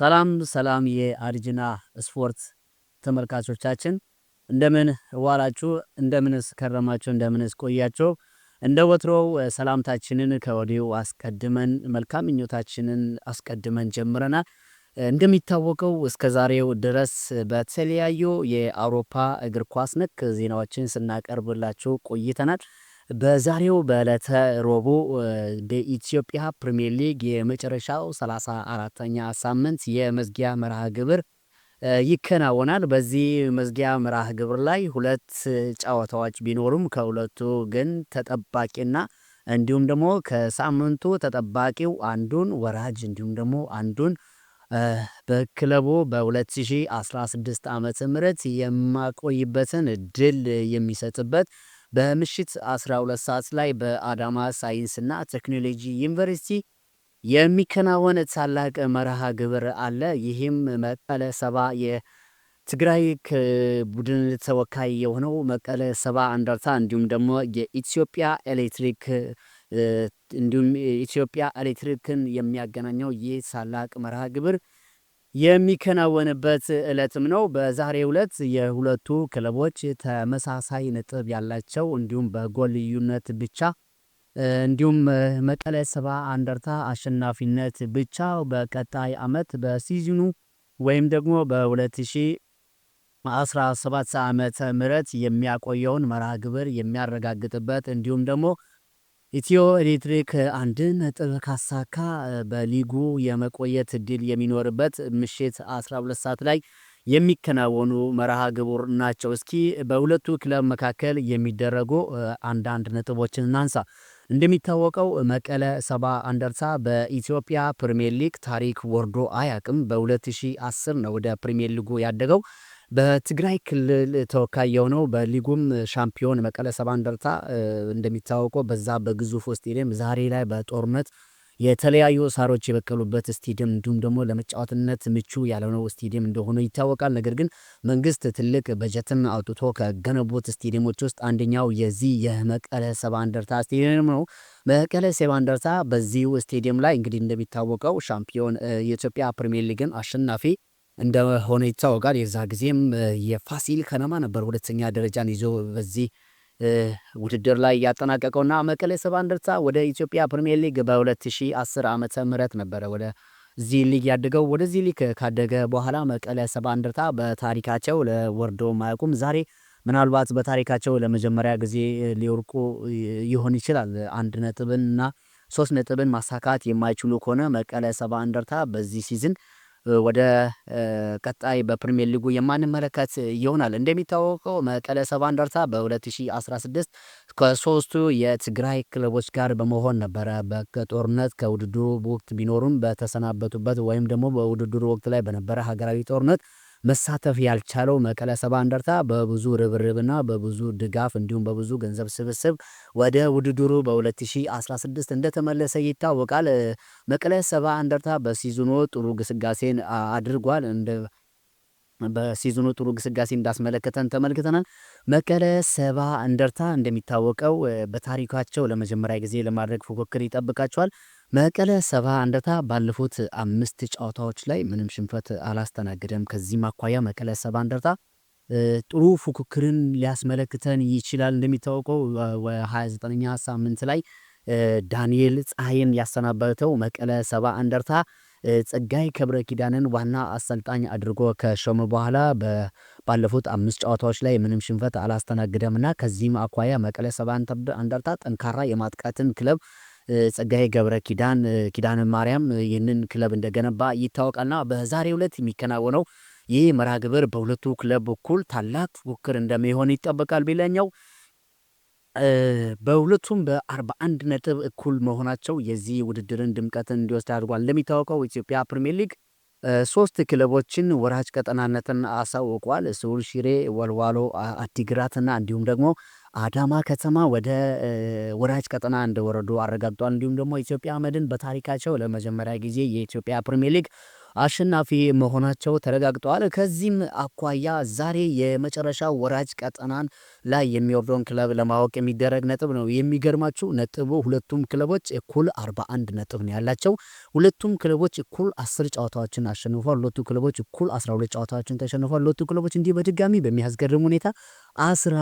ሰላም ሰላም የአርጅና ስፖርት ተመልካቾቻችን እንደምን ዋላችሁ፣ እንደምንስ ከረማችሁ፣ እንደምንስ ቆያችሁ። እንደ ወትሮው ሰላምታችንን ከወዲሁ አስቀድመን መልካም ምኞታችንን አስቀድመን ጀምረናል። እንደሚታወቀው እስከ ዛሬው ድረስ በተለያዩ የአውሮፓ እግር ኳስ ነክ ዜናዎችን ስናቀርብላችሁ ቆይተናል። በዛሬው በዕለተ ረቡዕ በኢትዮጵያ ፕሪምየር ሊግ የመጨረሻው 34 ተኛ ሳምንት የመዝጊያ መርሃ ግብር ይከናወናል። በዚህ መዝጊያ መርሃ ግብር ላይ ሁለት ጨዋታዎች ቢኖሩም ከሁለቱ ግን ተጠባቂና እንዲሁም ደግሞ ከሳምንቱ ተጠባቂው አንዱን ወራጅ እንዲሁም ደግሞ አንዱን በክለቡ በ2016 ዓመተ ምህረት የማቆይበትን ድል የሚሰጥበት በምሽት 12 ሰዓት ላይ በአዳማ ሳይንስና ቴክኖሎጂ ዩኒቨርሲቲ የሚከናወን ታላቅ መርሃ ግብር አለ። ይህም መቀለ ሰባ የትግራይ ቡድን ተወካይ የሆነው መቀለ ሰባ እንደርታ እንዲሁም ደግሞ የኢትዮጵያ ኤሌክትሪክ እንዲሁም ኢትዮጵያ ኤሌክትሪክን የሚያገናኘው ይህ ታላቅ መርሃ ግብር የሚከናወንበት ዕለትም ነው። በዛሬ ዕለት የሁለቱ ክለቦች ተመሳሳይ ነጥብ ያላቸው እንዲሁም በጎል ልዩነት ብቻ እንዲሁም መቀለ ሰባ አንደርታ አሸናፊነት ብቻ በቀጣይ ዓመት በሲዝኑ ወይም ደግሞ በ2017 ዓመተ ምህረት የሚያቆየውን መርሃ ግብር የሚያረጋግጥበት እንዲሁም ደግሞ ኢትዮ ኤሌክትሪክ አንድ ነጥብ ካሳካ በሊጉ የመቆየት እድል የሚኖርበት ምሽት 12 ሰዓት ላይ የሚከናወኑ መርሃ ግቡር ናቸው። እስኪ በሁለቱ ክለብ መካከል የሚደረጉ አንዳንድ ነጥቦችን እናንሳ። እንደሚታወቀው መቀለ ሰባ አንደርሳ በኢትዮጵያ ፕሪምየር ሊግ ታሪክ ወርዶ አያቅም። በ2010 ነው ወደ ፕሪምየር ሊጉ ያደገው። በትግራይ ክልል ተወካይ የሆነው በሊጉም ሻምፒዮን መቀለ ሰባ እንደርታ እንደሚታወቀው በዛ በግዙፍ ስቴዲየም ዛሬ ላይ በጦርነት የተለያዩ ሳሮች የበቀሉበት ስቴዲየም እንዲሁም ደግሞ ለመጫወትነት ምቹ ያልሆነው ስቴዲየም እንደሆነ ይታወቃል። ነገር ግን መንግስት ትልቅ በጀትም አውጥቶ ከገነቡት ስቴዲየሞች ውስጥ አንደኛው የዚህ የመቀለ ሰባ እንደርታ ስቴዲየም ነው። መቀለ ሰባ እንደርታ በዚሁ ስቴዲየም ላይ እንግዲህ እንደሚታወቀው ሻምፒዮን የኢትዮጵያ ፕሪሚየር ሊግን አሸናፊ እንደሆነ ይታወቃል። የዛ ጊዜም የፋሲል ከነማ ነበር ሁለተኛ ደረጃን ይዞ በዚህ ውድድር ላይ ያጠናቀቀውና መቀሌ ሰባ እንደርታ ወደ ኢትዮጵያ ፕሪሚየር ሊግ በ2010 ዓመተ ምህረት ነበረ ወደዚህ ሊግ ያደገው። ወደዚህ ሊግ ካደገ በኋላ መቀለ ሰባ እንደርታ በታሪካቸው ወርዶ ማያውቁም። ዛሬ ምናልባት በታሪካቸው ለመጀመሪያ ጊዜ ሊወርቁ ይሆን ይችላል። አንድ ነጥብን እና ሶስት ነጥብን ማሳካት የማይችሉ ከሆነ መቀለ ሰባ እንደርታ በዚህ ሲዝን ወደ ቀጣይ በፕሪሚየር ሊጉ የማንመለከት ይሆናል። እንደሚታወቀው መቀለ ሰባ እንደርታ በ2016 ከሶስቱ የትግራይ ክለቦች ጋር በመሆን ነበረ በጦርነት ከውድድሩ ወቅት ቢኖሩም በተሰናበቱበት ወይም ደግሞ በውድድሩ ወቅት ላይ በነበረ ሀገራዊ ጦርነት መሳተፍ ያልቻለው መቀለ ሰባ እንደርታ በብዙ ርብርብና በብዙ ድጋፍ እንዲሁም በብዙ ገንዘብ ስብስብ ወደ ውድድሩ በ2016 እንደተመለሰ ይታወቃል። መቀለ ሰባ እንደርታ በሲዝኑ ጥሩ ግስጋሴን አድርጓል። እንደ በሲዝኑ ጥሩ ግስጋሴ እንዳስመለከተን ተመልክተናል። መቀለ ሰባ እንደርታ እንደሚታወቀው በታሪካቸው ለመጀመሪያ ጊዜ ለማድረግ ፉክክር ይጠብቃቸዋል። መቀለ ሰባ እንደርታ ባለፉት አምስት ጨዋታዎች ላይ ምንም ሽንፈት አላስተናገደም። ከዚህም አኳያ መቀለ ሰባ እንደርታ ጥሩ ፉክክርን ሊያስመለክተን ይችላል። እንደሚታወቀው በ29ኛ ሳምንት ላይ ዳንኤል ፀሐይን ያሰናበተው መቀለ ሰባ እንደርታ ጸጋይ ከብረ ኪዳንን ዋና አሰልጣኝ አድርጎ ከሾመ በኋላ ባለፉት አምስት ጨዋታዎች ላይ ምንም ሽንፈት አላስተናግደምና ከዚህም አኳያ መቀለ ሰባ እንደርታ ጠንካራ የማጥቃትን ክለብ ጸጋዬ ገብረ ኪዳን ኪዳነ ማርያም ይህንን ክለብ እንደገነባ ይታወቃልና በዛሬ ዕለት የሚከናወነው ይህ መርሃ ግብር በሁለቱ ክለብ በኩል ታላቅ ፉክክር እንደሚሆን ይጠበቃል። ቢለኛው በሁለቱም በ41 ነጥብ እኩል መሆናቸው የዚህ ውድድርን ድምቀትን እንዲወስድ አድርጓል። እንደሚታወቀው ኢትዮጵያ ፕሪሚየር ሊግ ሶስት ክለቦችን ወራጅ ቀጠናነትን አሳውቋል። ስውል ሽሬ፣ ወልዋሎ አዲግራትና እንዲሁም ደግሞ አዳማ ከተማ ወደ ወራጅ ቀጠና እንደወረዱ አረጋግጧል። እንዲሁም ደግሞ ኢትዮጵያ መድን በታሪካቸው ለመጀመሪያ ጊዜ የኢትዮጵያ ፕሪሚየር ሊግ አሸናፊ መሆናቸው ተረጋግጠዋል። ከዚህም አኳያ ዛሬ የመጨረሻ ወራጅ ቀጠናን ላይ የሚወርደውን ክለብ ለማወቅ የሚደረግ ነጥብ ነው። የሚገርማችሁ ነጥቡ ሁለቱም ክለቦች እኩል 41 ነጥብ ነው ያላቸው። ሁለቱም ክለቦች እኩል 10 ጨዋታዎችን አሸንፏል። ሁለቱ ክለቦች እኩል 12 ጨዋታዎችን ተሸንፏል። ሁለቱ ክለቦች እንዲህ በድጋሚ በሚያስገርም ሁኔታ አስራ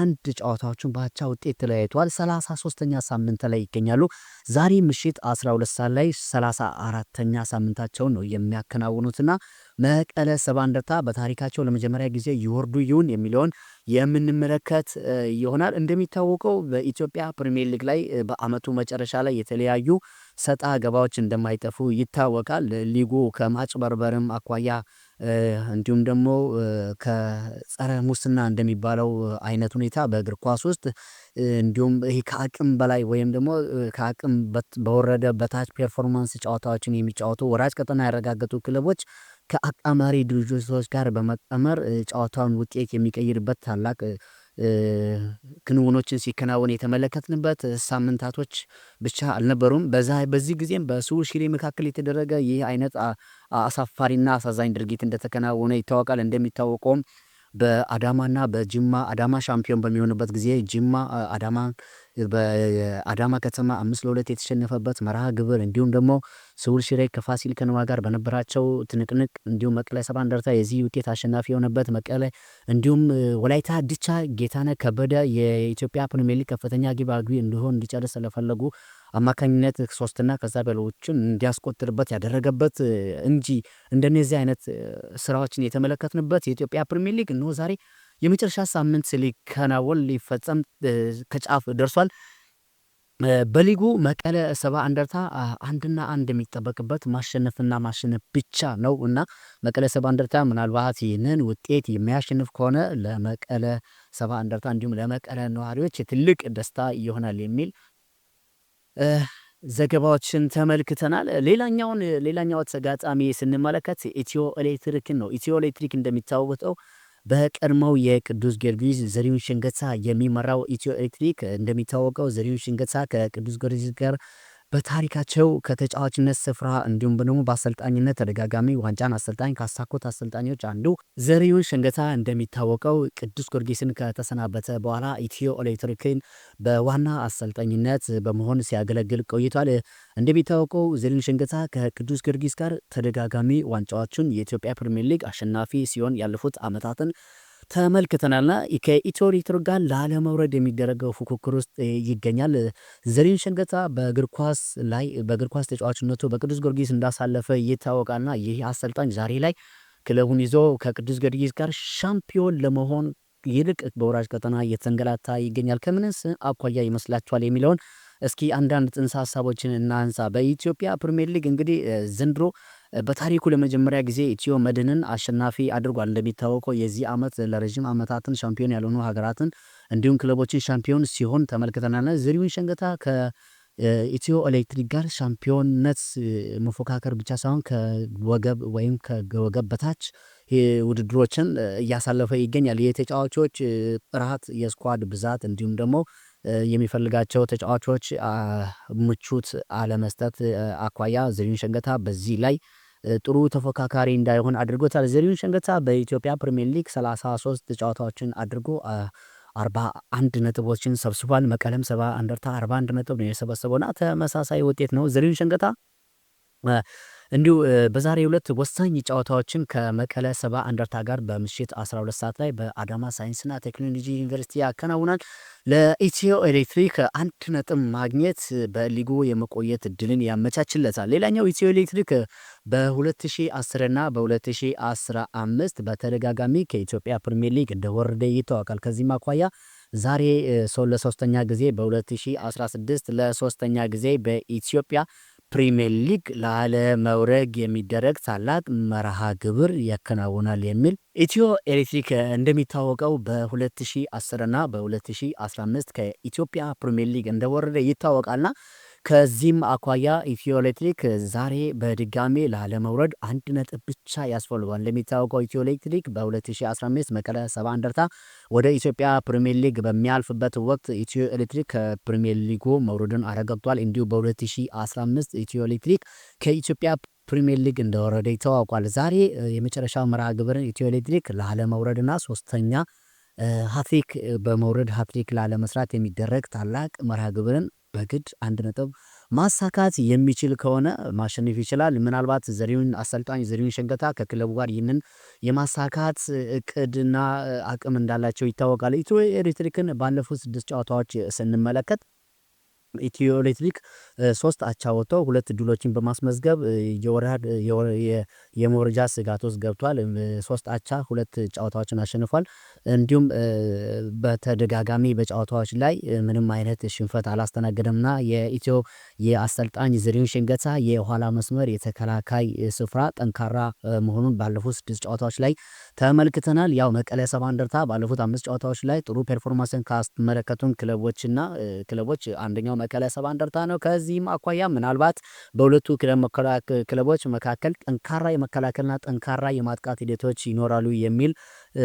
አንድ ጨዋታዎችን በአቻ ውጤት ተለያይተዋል። 33ኛ ሳምንት ላይ ይገኛሉ። ዛሬ ምሽት 12 ሰዓት ላይ 34ተኛ ሳምንታቸውን ነው የሚያከናውኑትና መቀለ ሰባ እንደርታ በታሪካቸው ለመጀመሪያ ጊዜ ይወርዱ ይሁን የሚለውን የምንመለከት ይሆናል። እንደሚታወቀው በኢትዮጵያ ፕሪሚየር ሊግ ላይ በአመቱ መጨረሻ ላይ የተለያዩ ሰጣ ገባዎች እንደማይጠፉ ይታወቃል። ሊጉ ከማጭበርበርም አኳያ እንዲሁም ደግሞ ከጸረ ሙስና እንደሚባለው አይነት ሁኔታ በእግር ኳስ ውስጥ እንዲሁም ይሄ ከአቅም በላይ ወይም ደግሞ ከአቅም በወረደ በታች ፔርፎርማንስ ጨዋታዎችን የሚጫወቱ ወራጅ ቀጠና ያረጋገጡ ክለቦች ከአቃማሪ ድርጅቶች ጋር በመጠመር ጨዋታውን ውጤት የሚቀይርበት ታላቅ ክንውኖችን ሲከናወን የተመለከትንበት ሳምንታቶች ብቻ አልነበሩም። በዚህ ጊዜም በስውር ሽሬ መካከል የተደረገ ይህ አይነት አሳፋሪና አሳዛኝ ድርጊት እንደተከናወነ ይታወቃል። እንደሚታወቀውም በአዳማና በጅማ አዳማ ሻምፒዮን በሚሆንበት ጊዜ ጅማ አዳማ በአዳማ ከተማ አምስት ለሁለት የተሸነፈበት መርሃ ግብር እንዲሁም ደግሞ ስውል ሽሬ ከፋሲል ከነማ ጋር በነበራቸው ትንቅንቅ እንዲሁም መቀለ ሰባ እንደርታ የዚህ ውጤት አሸናፊ የሆነበት መቀለ እንዲሁም ወላይታ ድቻ ጌታነ ከበደ የኢትዮጵያ ፕሪሚየር ሊግ ከፍተኛ ግብ አግቢ እንዲሆን እንዲጨርስ ስለፈለጉ አማካኝነት ሶስትና ከዛ በሎችን እንዲያስቆጥርበት ያደረገበት እንጂ እንደነዚህ አይነት ስራዎችን የተመለከትንበት የኢትዮጵያ ፕሪሚየር ሊግ እነሆ ዛሬ የመጨረሻ ሳምንት ሊከናወን ሊፈጸም ከጫፍ ደርሷል። በሊጉ መቀለ ሰባ እንደርታ አንድና አንድ የሚጠበቅበት ማሸነፍና ማሸነፍ ብቻ ነው እና መቀለ ሰባ እንደርታ ምናልባት ይህንን ውጤት የሚያሸንፍ ከሆነ ለመቀለ ሰባ እንደርታ እንዲሁም ለመቀለ ነዋሪዎች ትልቅ ደስታ ይሆናል የሚል ዘገባዎችን ተመልክተናል። ሌላኛውን ሌላኛው ተጋጣሚ ስንመለከት ኢትዮ ኤሌክትሪክን ነው። ኢትዮ ኤሌክትሪክ እንደሚታወቀው በቀድሞው የቅዱስ ጊዮርጊስ ዘሪሁን ሽንገሳ የሚመራው ኢትዮ ኤሌክትሪክ እንደሚታወቀው ዘሪሁን ሽንገሳ ከቅዱስ ጊዮርጊስ ጋር በታሪካቸው ከተጫዋችነት ስፍራ እንዲሁም ደግሞ በአሰልጣኝነት ተደጋጋሚ ዋንጫን አሰልጣኝ ካሳኩት አሰልጣኞች አንዱ ዘሪሁን ሸንገታ እንደሚታወቀው ቅዱስ ጊዮርጊስን ከተሰናበተ በኋላ ኢትዮ ኤሌክትሪክን በዋና አሰልጣኝነት በመሆን ሲያገለግል ቆይቷል። እንደሚታወቀው ዘሪሁን ሸንገታ ከቅዱስ ጊዮርጊስ ጋር ተደጋጋሚ ዋንጫዎቹን የኢትዮጵያ ፕሪሚየር ሊግ አሸናፊ ሲሆን ያለፉት ዓመታትን ተመልክተናልና ከኢትዮ ኤሌክትሪክ ጋር ላለመውረድ የሚደረገው ፉክክር ውስጥ ይገኛል። ዘሪሁን ሸንገታ በእግር ኳስ ላይ በእግር ኳስ ተጫዋችነቱ በቅዱስ ጊዮርጊስ እንዳሳለፈ ይታወቃልና ይህ አሰልጣኝ ዛሬ ላይ ክለቡን ይዞ ከቅዱስ ጊዮርጊስ ጋር ሻምፒዮን ለመሆን ይልቅ በወራጅ ቀጠና እየተንገላታ ይገኛል። ከምንስ አኳያ ይመስላችኋል የሚለውን እስኪ አንዳንድ ጥንሰ ሀሳቦችን እናንሳ። በኢትዮጵያ ፕሪሚየር ሊግ እንግዲህ ዘንድሮ በታሪኩ ለመጀመሪያ ጊዜ ኢትዮ መድንን አሸናፊ አድርጓል። እንደሚታወቀው የዚህ ዓመት ለረዥም ዓመታትን ሻምፒዮን ያልሆኑ ሀገራትን እንዲሁም ክለቦችን ሻምፒዮን ሲሆን ተመልክተናል። ዝሪውን ሸንገታ ከኢትዮ ኤሌክትሪክ ጋር ሻምፒዮንነት መፎካከር ብቻ ሳይሆን ከወገብ ወይም ከወገብ በታች ውድድሮችን እያሳለፈ ይገኛል። የተጫዋቾች ጥራት፣ የስኳድ ብዛት እንዲሁም ደግሞ የሚፈልጋቸው ተጫዋቾች ምቹት አለመስጠት አኳያ ዘሪሁን ሸንገታ በዚህ ላይ ጥሩ ተፎካካሪ እንዳይሆን አድርጎታል። ዘሪሁን ሸንገታ በኢትዮጵያ ፕሪሚየር ሊግ 33 ጨዋታዎችን አድርጎ 41 ነጥቦችን ሰብስቧል። መቀለም ሰባ እንደርታ 41 ነጥብ ነው የሰበሰበውና ተመሳሳይ ውጤት ነው። ዘሪሁን ሸንገታ እንዲሁ በዛሬ ሁለት ወሳኝ ጨዋታዎችን ከመቀለ ሰባ እንደርታ ጋር በምሽት 12 ሰዓት ላይ በአዳማ ሳይንስና ቴክኖሎጂ ዩኒቨርሲቲ ያከናውናል። ለኢትዮ ኤሌክትሪክ አንድ ነጥብ ማግኘት በሊጉ የመቆየት እድልን ያመቻችለታል። ሌላኛው ኢትዮ ኤሌክትሪክ በ2010 እና በ2015 በተደጋጋሚ ከኢትዮጵያ ፕሪሚየር ሊግ እንደወረደ ይታወቃል። ከዚህም አኳያ ዛሬ ለሶስተኛ ጊዜ በ2016 ለሶስተኛ ጊዜ በኢትዮጵያ ፕሪሚየር ሊግ ላለመውረግ የሚደረግ ታላቅ መርሃ ግብር ያከናውናል የሚል ኢትዮ ኤሌክትሪክ እንደሚታወቀው በ2010 ና በ2015 ከኢትዮጵያ ፕሪሚየር ሊግ እንደወረደ ይታወቃልና ከዚህም አኳያ ኢትዮ ኤሌክትሪክ ዛሬ በድጋሜ ላለመውረድ አንድ ነጥብ ብቻ ያስፈልጓል። እንደሚታወቀው ኢትዮ ኤሌክትሪክ በ2015 መቀለ ሰባ እንደርታ ወደ ኢትዮጵያ ፕሪሚየር ሊግ በሚያልፍበት ወቅት ኢትዮ ኤሌክትሪክ ከፕሪሚየር ሊጉ መውረድን አረጋግጧል። እንዲሁ በ2015 ኢትዮ ኤሌክትሪክ ከኢትዮጵያ ፕሪሚየር ሊግ እንደወረደ ይታወቋል። ዛሬ የመጨረሻው መርሃ ግብርን ኢትዮ ኤሌክትሪክ ላለመውረድና ሶስተኛ ሀትሪክ በመውረድ ሀትሪክ ላለመስራት የሚደረግ ታላቅ መርሃ ግብርን በግድ አንድ ነጥብ ማሳካት የሚችል ከሆነ ማሸነፍ ይችላል። ምናልባት ዘሪሁን አሰልጣኝ ዘሪሁን ሸንገታ ከክለቡ ጋር ይህንን የማሳካት እቅድና አቅም እንዳላቸው ይታወቃል። ኢትዮ ኤሌክትሪክን ባለፉት ስድስት ጨዋታዎች ስንመለከት ኢትዮ ኤሌክትሪክ ሶስት አቻ ወጥተው ሁለት ድሎችን በማስመዝገብ የመውረጃ ስጋት ውስጥ ገብቷል። ሶስት አቻ ሁለት ጨዋታዎችን አሸንፏል። እንዲሁም በተደጋጋሚ በጨዋታዎች ላይ ምንም አይነት ሽንፈት አላስተናገደምና የኢትዮ የአሰልጣኝ ዝሪውን ሽንገሳ የኋላ መስመር የተከላካይ ስፍራ ጠንካራ መሆኑን ባለፉት ስድስት ጨዋታዎች ላይ ተመልክተናል። ያው መቀለ ሰባ እንደርታ ባለፉት አምስት ጨዋታዎች ላይ ጥሩ ፐርፎርማንስን ካስመለከቱን ክለቦችና ክለቦች አንደኛው መቀለ ሰባ እንደርታ ነው። ከዚህም አኳያ ምናልባት በሁለቱ ክለቦች መካከል ጠንካራ የመከላከልና ጠንካራ የማጥቃት ሂደቶች ይኖራሉ የሚል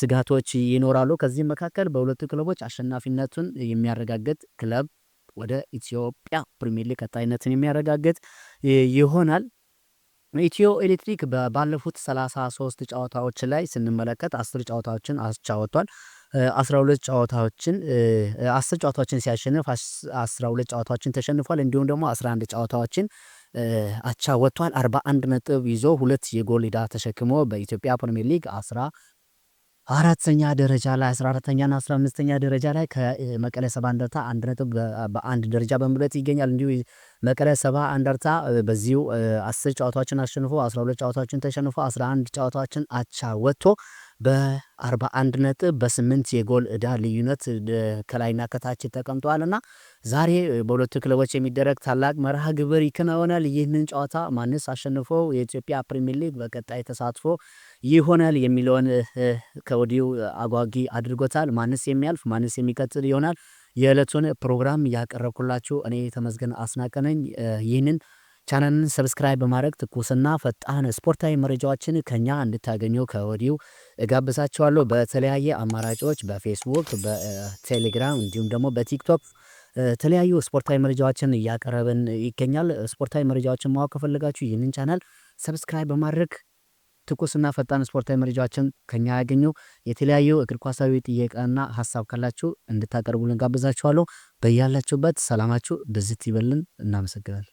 ስጋቶች ይኖራሉ። ከዚህም መካከል በሁለቱ ክለቦች አሸናፊነቱን የሚያረጋግጥ ክለብ ወደ ኢትዮጵያ ፕሪሚየር ሊግ ቀጣይነትን የሚያረጋግጥ ይሆናል። ኢትዮ ኤሌክትሪክ ባለፉት 33 ጨዋታዎች ላይ ስንመለከት አስር ጨዋታዎችን አስጫወቷል። 12 ጨዋታዎችን 10 ጨዋታዎችን ሲያሸንፍ 12 ጨዋታዎችን ተሸንፏል። እንዲሁም ደግሞ 11 ጨዋታዎችን አቻ ወጥቷል። 41 ነጥብ ይዞ ሁለት የጎል ዕዳ ተሸክሞ በኢትዮጵያ ፕሪሚየር ሊግ አራተኛ ደረጃ ላይ 14ኛ እና 15ኛ ደረጃ ላይ ከመቀለ ሰባ እንደርታ አንድ ነጥብ በአንድ ደረጃ በመብለጥ ይገኛል። እንዲሁ መቀለ ሰባ እንደርታ በዚሁ 10 ጨዋታዎችን አሸንፎ 12 ጨዋታዎችን ተሸንፎ 11 ጨዋታዎችን አቻ ወጥቶ በ41 ነጥብ በስምንት የጎል ዕዳ ልዩነት ከላይና ከታች ተቀምጠዋል ዛሬ በሁለቱ ክለቦች የሚደረግ ታላቅ መርሃ ግብር ይከናወናል። ይህንን ጨዋታ ማንስ አሸንፎ የኢትዮጵያ ፕሪሚየር ሊግ በቀጣይ ተሳትፎ ይሆናል የሚለውን ከወዲሁ አጓጊ አድርጎታል። ማንስ የሚያልፍ ማንስ የሚቀጥል ይሆናል። የዕለቱን ፕሮግራም ያቀረብኩላችሁ እኔ ተመስገን አስናቀነኝ ይህንን ቻናልን ሰብስክራይብ በማድረግ ትኩስና ፈጣን ስፖርታዊ መረጃዎችን ከኛ እንድታገኙ ከወዲሁ እጋብዛችኋለሁ። በተለያየ አማራጮች በፌስቡክ፣ በቴሌግራም እንዲሁም ደግሞ በቲክቶክ የተለያዩ ስፖርታዊ መረጃዎችን እያቀረብን ይገኛል። ስፖርታዊ መረጃዎችን ማወቅ ከፈለጋችሁ ይህንን ቻናል ሰብስክራይብ በማድረግ ትኩስና ፈጣን ስፖርታዊ መረጃዎችን ከኛ ያገኙ። የተለያዩ እግር ኳሳዊ ጥያቄና ሀሳብ ካላችሁ እንድታቀርቡልን ጋብዛችኋለሁ። በያላችሁበት ሰላማችሁ ብዝት ይበልን። እናመሰግናለን።